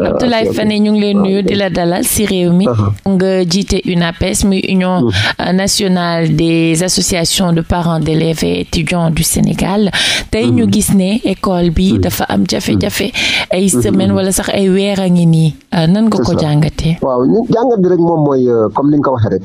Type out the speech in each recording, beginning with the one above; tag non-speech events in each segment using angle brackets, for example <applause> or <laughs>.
Euh, Abdoulaye Fane ñu ngi lay nuyu di la dalal si réew mi ah. nga jiite UNAPES muy union mm. euh, nationale des associations de parents d'élèves et étudiants du Sénégal tey ñu mm. gis ne école bi mm. dafa am jafe-jafe ay mm-hmm. semaine wala sax ay weer a ngi nii euh, nan nga ko jàngatee waaw ñu jàngat bi rek moom mooy comme ni nga ko waxee rek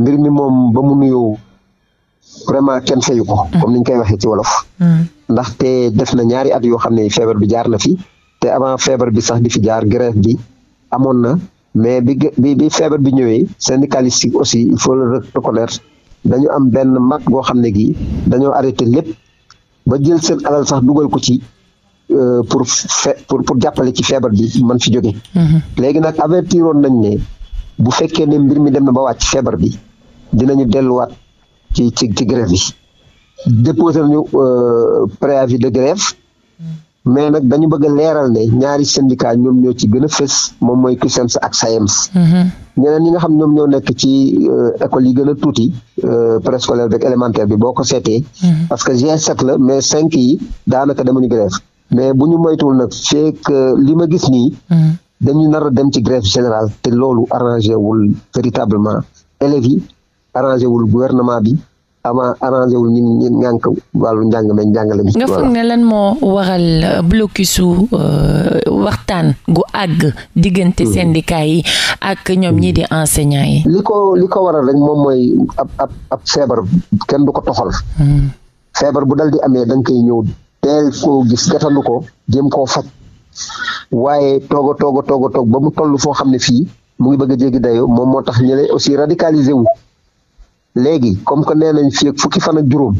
mbir mi moom ba mu nuyoo vraiment kenn fayu ko comme ni ñu koy waxee ci wolof ndaxte def na ñaari at yoo xam ne feebar bi jaar na fi te avant bi sax di fi jaar grève bi amoon na mais bi bi bi feebar bi ñëwee syndicaliste yi aussi il faut le dañu am benn mag boo xam ne gii dañoo arrêté lépp ba jël seen alal sax dugal ko ci euh, pour fe pour pour jàppale ci feebar bi man fi jóge mm-hmm. léegi nag avertiroon nañ ne bu fekkee ne mbir mi dem na ba wàcc feebar bi dinañu delluwaat ci ci ci grève bi déposé nañu euh, préavis de grève mm-hmm. mais nag dañu bëgg leeral ne ñaari syndicat ñoom ñoo ci gën a fës moom mooy CUSEMS ak sa SAEMS mhm. ñeneen ñi nga xam ñoom ñoo nekk ci euh, école yi gën a tuuti euh, préscolaire beeg élémentaire bi boo ko seetee mhm. parce que G7 la mais cinq yi daanaka demuñu grève mais bu ñu moytuwul nag fekk li ma gis nii mhm. dañu nar dem ci grève général te loolu arrangé wul véritablement élèves yi arrangé wul gouvernement bi avant arrangé wul ñun ñun ñànk wàllu njàng meñ njàngale bi nga foog ne lan moo waral euh, blocus su euh, waxtaan gu àgg diggante hmm. syndicat yi ak ñoom ñii hmm. di enseignants yi li ko li ko waral rek moom mooy ab ab ab feebar kenn du ko toxal hmm. feebar bu dal di amee da nga koy ñëw teel koo gis gatandu ko jéem ko faj waaye toog a toog a toog toog ba mu toll foo xam ne fii mu ngi bëgg a jéggi dayo moom moo tax ñële aussi radicalisé léegi comme que nee nañ fii fukki fan ak juróom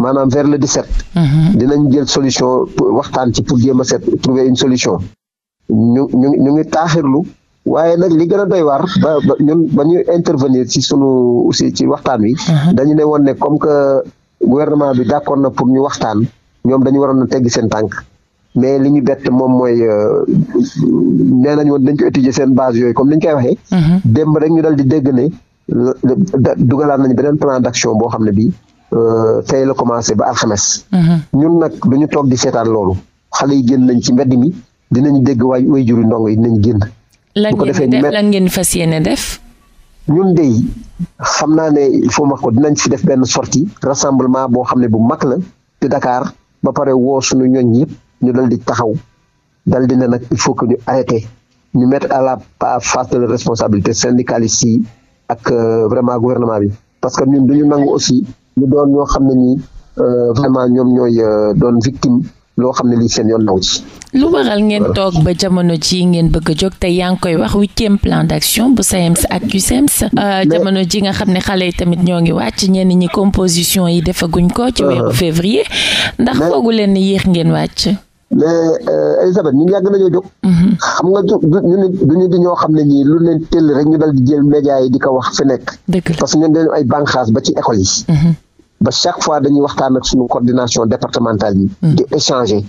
maanaam vers le 17. Mhm. dinañ jël solution waxtaan ci pour jéem a seet trouver une solution ñu ñu ñu ngi taaxirlu waaye nag li gën a doy waar ba ba ñun ba ñu intervenir ci sunu aussi ci waxtaan wi. Mhm. dañu ne woon ne comme que gouvernement bi d'accord na pour ñu waxtaan ñoom dañu waroon a teggi seen tànk. mais li ñu bett moom mooy euh, nee nañ woon dañ ko étudier seen base yooyu comme ni ñu koy waxee. Mhm. démb rek ñu dal di dégg dugalaan nañu beneen plan d'action boo xam ne bii euh, tey la commencé ba alxames. Mhm. ñun nag du ñu toog di seetaan loolu xale yi génn nañ ci mbedd mi dinañ dégg waay way juri ndongo yi dinañ génn. bu ko defee lan ngeen fas ñun de xam naa ne il faut ko dinañ fi def benn sortie rassemblement boo xam ne bu mag la te Dakar ba pare woo suñu ñoñ yëpp ñu dal di taxaw dal di ne nag il faut que ñu arrêté ñu mettre à la face de la responsabilité syndicaliste yi ak euh, vraiment gouvernement bi parce que ñun duñu nangu aussi ñu doon ñoo xam ne nii euh, vraiment ñoom ñooy euh, doon victime loo xam ne lii seen yoon naw ci. lu waral ngeen toog ba jamono ji ngeen bëgg a jóg te yaa ngi koy wax huitième plan d'action bu SAEMS ak sa jamono ji nga xam ne xale yi tamit ñoo ngi wàcc ñenn ñi composition yi defaguñ ko. ci ah. weeru février. ndax foogu leen yéex ngeen wàcc. mais euh, Elisabeth ñun yàgg nañoo jóg. Mm-hmm. xam nga du du ñoo xam ne ñii lu leen tëll rek ñu dal di jël média yi di ko wax fi nekk. parce que ñun dañu ay bànqaas ba ci école yi. Mm-hmm. ba chaque fois dañuy waxtaan ak suñu coordination départementale yi. Mm-hmm. di échanger.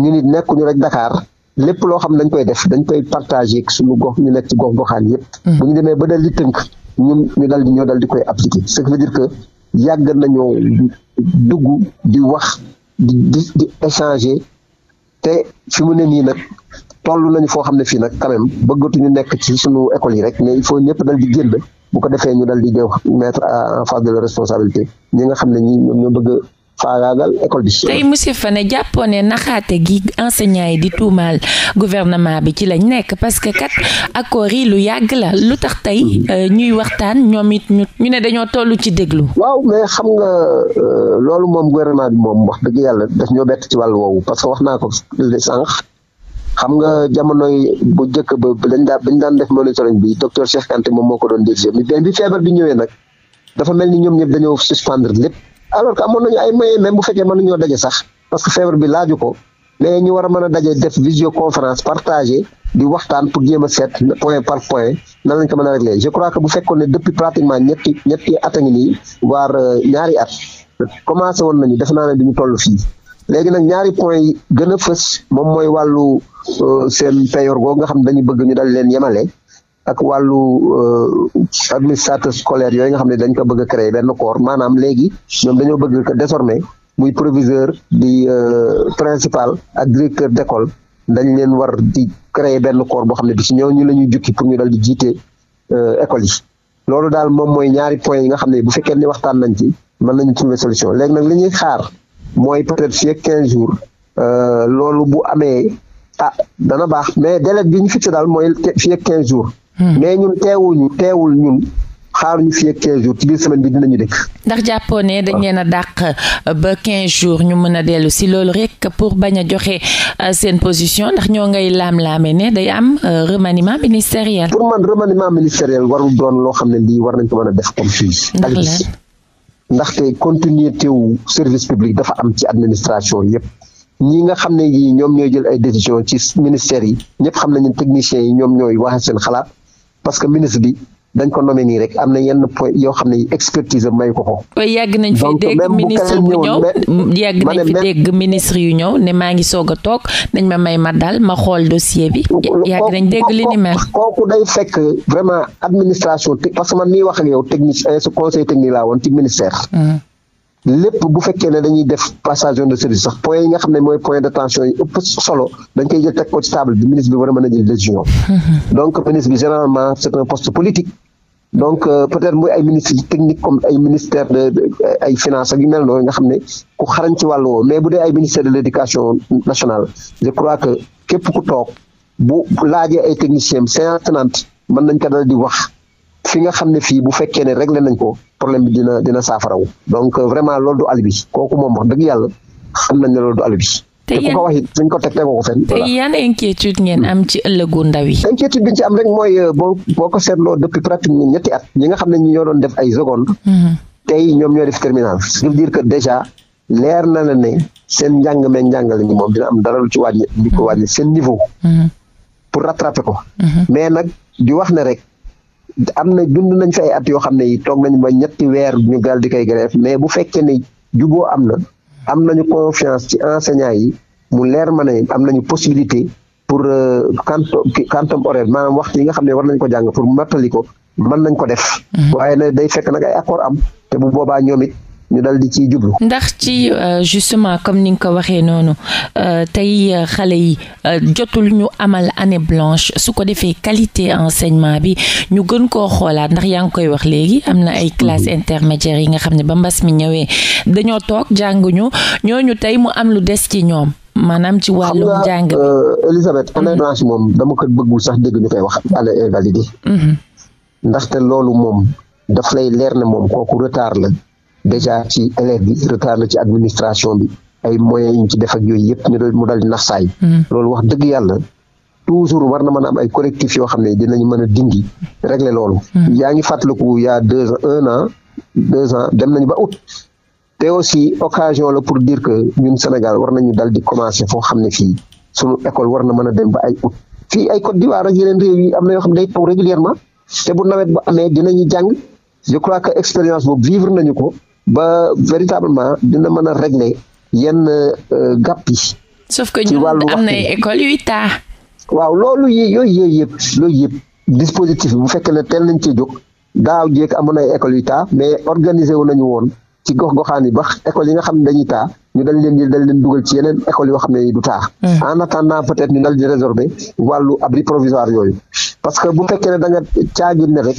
ñu nit nekkuñu rek Dakar lépp loo xam dañ koy def dañ koy partager ak suñu gox ñu nekk ci gox goxaan yëpp. bu ñu demee ba dal di tënk ñun ñu dal di ñoo dal di koy appliquer ce qui veut dire que yàgg nañoo dugg di wax di di échanger. te fi mu ne nii nag toll nañu foo xam ne fii nag quand même bëggatuñu nekk ci suñu école yi rek mais il faut ñëpp dal di génn bu ko defee ñu dal di jox mettre en face de la responsabilité ñi nga xam ne ñi ñoom ñoo bëgg faagaagal école bi. tey monsieur Fane jàppoo ne naxaate gi enseignant yi di tuumaal gouvernement bi ci lañ nekk parce que kat accords yi lu yàgg la lu tax tey hmm. euh, ñuy waxtaan ñoom it ñu ñu ne dañoo toll ci déglu. waaw mais xam nga euh, loolu moom gouvernement bi moom wax dëgg yàlla daf ñoo bett ci wàllu woowu parce que wax naa ko sànq. xam nga jamonoy bu njëkk ba dañ daan dañ daan def monitoring bi docteur Cheikh Kanté moom moo ko doon dirigé mais bi feebar bi ñëwee nag dafa mel ni ñoom ñëpp lépp alors que amoon nañu ay moyens même bu fekkee mënuñoo daje sax parce que feebar bi laaju ko mais ñu war a mën a daje def visioconférence partagé di waxtaan pour jéem a seet point par point nan lañ ko mën a réglé je crois que bu fekkoon ne depuis pratiquement ñetti at a ngi nii waar euh, ñaari at commencé woon nañu def naa ne duñu toll fii léegi nag ñaari point yi gën a fës moom mooy wàllu euh, seen payor googu nga xam ne dañu bëgg ñu dal leen yemale ak wàllu euh, administrateur scolaire yooyu nga xam ne dañ ko bëgg a créer benn corps maanaam léegi ñoom dañoo bëgg que désormais muy proviseur di euh, principal ak directeur d'école dañ leen war di créer benn corps boo xam ne bi si ñoo ñu la ñuy jukki pour ñu dal di jiite euh, école yi loolu daal moom mooy ñaari point yi nga xam ne bu fekkee ni waxtaan nañ ci mën nañu trouver solution léegi nag li ñuy xaar mooy peut-être fii ak quinze jours loolu bu amee ah dana baax mais délai bi ñu fixé mooy fii ak Hmm. mais ñun teewul teewul ñun xaaruñu fi ak 15 jours ci dinañu dëkk. ndax jàppoo ne dañ ah. leen a dàq euh, ba 15 jours ñu mën a dellu si loolu rek pour bañ a joxe euh, seen position ndax ñoo ngay laam-laame ne day am euh, remaniement ministériel. pour man remaniement ministériel warul doon loo xam ne lii war nañ ko mën a def comme fii. ndax la ndaxte continuité wu service public dafa am ci administration yépp ñi nga xam ne yii ñoom ñooy jël ay décision ci ministères yi ñëpp xam nañu techniciens yi ñoom ñooy waxee seen xalaat. parce que ministre bi dañ ko nommé nii rek am na yenn point yoo xam ne expertise am mayu ko ko. yàgg nañ fi yàgg nañ fi dégg ministre yu ñëw ne maa ngi soog a toog nañ ma may ma dal ma xool dossier bi. yàgg nañ dégg li ni mel. kooku day fekk vraiment administration parce que man mii wax ak yow technique conseil technique laa woon ci ministère. Hmm. lépp bu fekkee ne dañuy def passage de service sax point yi nga xam ne mooy point de tension yi ëpp solo dañ koy jël teg ko ci table bi ministre bi war a mën a jël décision <laughs> donc ministre bi généralement c'est un poste politique donc euh, peut-être muy ay ministre technique comme ay ministère ay finance ak mel noonu nga xam ne ku xarañ ci wàll woo mais bu dee ay ministère de l'éducation nationale je crois que képp ku toog bu laajee ay technicien séance di wax fi nga xam ne fii bu fekkee ne réglé nañ ko problème bi dina dina saafarawu donc euh, vraiment loolu du alibi kooku moom wax dëgg yàlla xam nañ ne loolu du alibi te ku inquiétude ngeen am ci ëllëgu ndaw yi. inquiétude bi ci am rek mooy euh, boo boo depuis pratiquement ñetti at ñi xam ne ñu ñoo ay seconde. Mhm. tey ñoom ñoo def terminal. ce qui dire que déjà leer na la ne seen njàng meeg njàngale ñi moom dina am dara lu ci wàññi. di ko mhm. wàññi seen niveau. Mhm. pour rattraper mais nag di wax ne am na dund nañ fi ay at yoo xam ne yi toog nañ ba ñetti weer ñu gal di koy grève mais bu fekkee ne juboo am na am na nañu confiance ci enseignants yi mu leer ma ne am nañu possibilité pour euh, quantum quantum horaire maanaam waxtu yi nga xam ne war nañ ko jàng pour mattali ko man nañ ko def. Mm-hmm. waaye nag day fekk nag ay accord am te bu boobaa ñoom ñu dal di ci jublu. ndax ci euh, justement comme ni nga ko waxee noonu euh, tey euh, xale yi jotul ñu amal année blanche su ko defee qualité enseignement bi ñu gën koo xoolaat ndax yaa ngi koy wax léegi am na ay classe mm-hmm. intermédiaire yi nga xam ne ba mbas mi ñëwee dañoo toog jànguñu ñooñu tey mu am lu des ci ñoom. maanaam ci wàllum jàng bi Elisabeth mm-hmm. année blanche moom dama ko bëggul sax dégg ñu koy wax année invalidée. Mm-hmm. ndaxte loolu moom daf lay leer ne moom kooku retard la. déjà ci élève bi retard ci administration bi ay moyens yi ci def yooyu yëpp ñu mu dal di nax saay hmm. loolu wax dëgg yàlla toujours war na mën a am ay correctifs yoo xam ne dinañ mën a dindi régler loolu. Hmm. yaa ngi fàttaliku y' a deux un an deux ans dem nañu ba août. te aussi occasion la pour dire que ñun Sénégal war nañu dal di commencer foo xam ne fii sunu école war na mën a dem ba ay août. fii ay Côte d'Ivoire ak yeneen réew am na yoo xam ne day taw régulièrement te bu nawet ba amee dinañu jàng je crois que expérience boobu vivre nañu ko. ba véritablement dina mën a régler yenn euh, gàpp yi. sauf que ñun am na école yuy loolu yi yooyu yooyu yëpp loolu yëpp dispositif bu fekkee ne teel nañ cee jóg daaw jéeg amoon ay école yu taa mais organiser wu nañu woon ci gox-goxaan yi ba école yi nga xam ne dañuy taa ñu dañ leen di dañ leen dugal ci yeneen école yoo xam ne du taa. Hmm. en attendant peut-être ñu dal di résorber wàllu abri provisoire yooyu parce que bu fekkee ne da nga caagin ne rek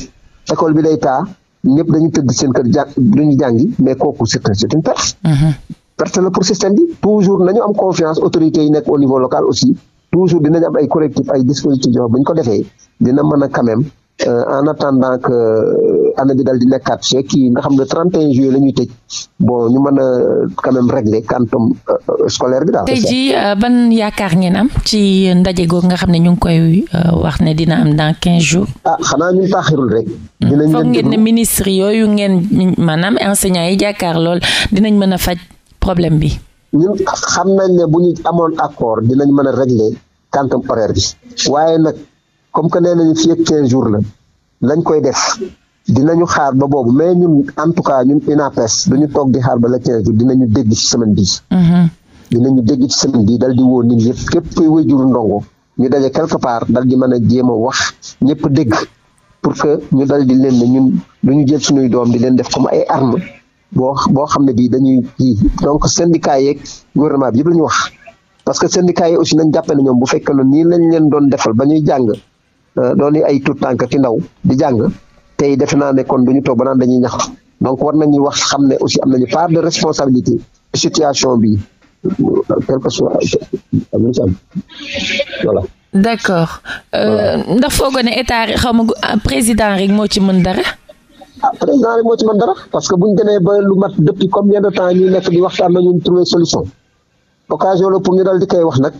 école bi day taa ñëpp dañu tëdd seen kër jàng duñu jàngi mais kooku c'est c'est une perte mm-hmm. perte la pour système bi toujours nañu am confiance autorités yi nekk au niveau local aussi toujours dinañu am ay correctifs ay dispositifs yoo bu ñu ko defee dina mën a quand Euh, en attendant que euh, année bi dal di nekkaat ci kii nga xam ne 31 juillet la ñuy tëj bon ñu mën a euh, quand même régler quantum bi daal. tey jii ban yaakaar ngeen am ci ndaje googu nga xam ne ñu ngi koy wax ne dina am dans 15 jours. a ah, xanaa ñun taaxirul rek. dinañ foog ngeen ne ministre yooyu ngeen maanaam enseignants yi jàkkaar lool dinañ mën a faj problème bi. ñun xam nañ ne bu ñu amoon accord dinañ mën a régler quantum horaire bi waaye nag. comme que nee nañu fii ak 15 jours la lañ koy def ñu xaar ba boobu mais ñun en tout cas ñun UNAPES duñu toog di xaar ba la 15 jours dinañu dégg ci semaine bii. Mm-hmm. dinañu dégg ci semaine bii dal di woo nit yëpp képp kuy wéjuru ndongo ñu daje quelque part dal di man a jéem a wax ñëpp dégg pour que ñu dal di leen ne ñun dañu ñu jël suñuy doom di leen def comme ay arme boo boo xam ne bii dañuy kii donc syndicat yeeg gouvernement bi yëpp la ñu wax parce que syndicat yi aussi nañ jàppe ñoom bu fekkee ne nii lañ leen doon defal ba ñuy jàng. doon euh, ay tout tànk ci ndaw di jàng tey def naa ne kon du ñu toog ba naan dañuy ñax donc war nañu wax xam ne aussi am nañu part de responsabilité situation bi quelque soit voilà. d' accord euh, ndax foogoo ne état rek xam nga président rek moo ci mën dara. ah président moo ci mën dara parce que bu ñu demee ba lu mat depuis comme de temps ñuy nekk di waxtaan na ñu trouver solution occasion la pour ñu dal di koy wax nag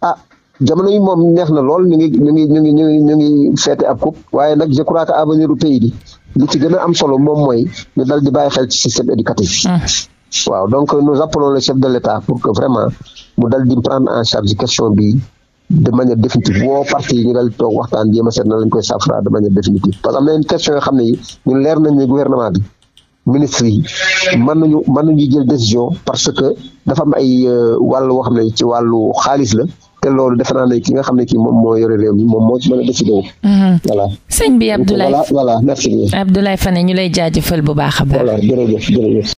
ah. jamono yi moom neex na lool ñu ngi ñu ngi ñu ngi ñu ngi ñu ngi feete ab coupe waaye nag je crois que avenir u pays bi li ci gën a am solo moom mooy ñu dal di bàyyi xel ci système éducatif. Hmm. waaw donc nous appelons le chef de l'État pour que vraiment mu dal di prendre en charge question bi de manière définitive woo parti yi ñu dal di toog waxtaan jéem a seet na lañ koy saafara de manière définitive parce que am na yenn question yoo xam ne yi ñun leer nañ ne gouvernement bi ministre yi mën nañu mën nañu jël décision parce que dafa am ay euh, wàll woo xam ne ci wàllu xaalis la te loolu defe naa ne ki nga xam ne kii moom moo yore réew mi moom moo ci a décidé wu. Mhm. voilà sëñ bi Abdoulaye Fane ñu lay jaajëfal bu baax a baax.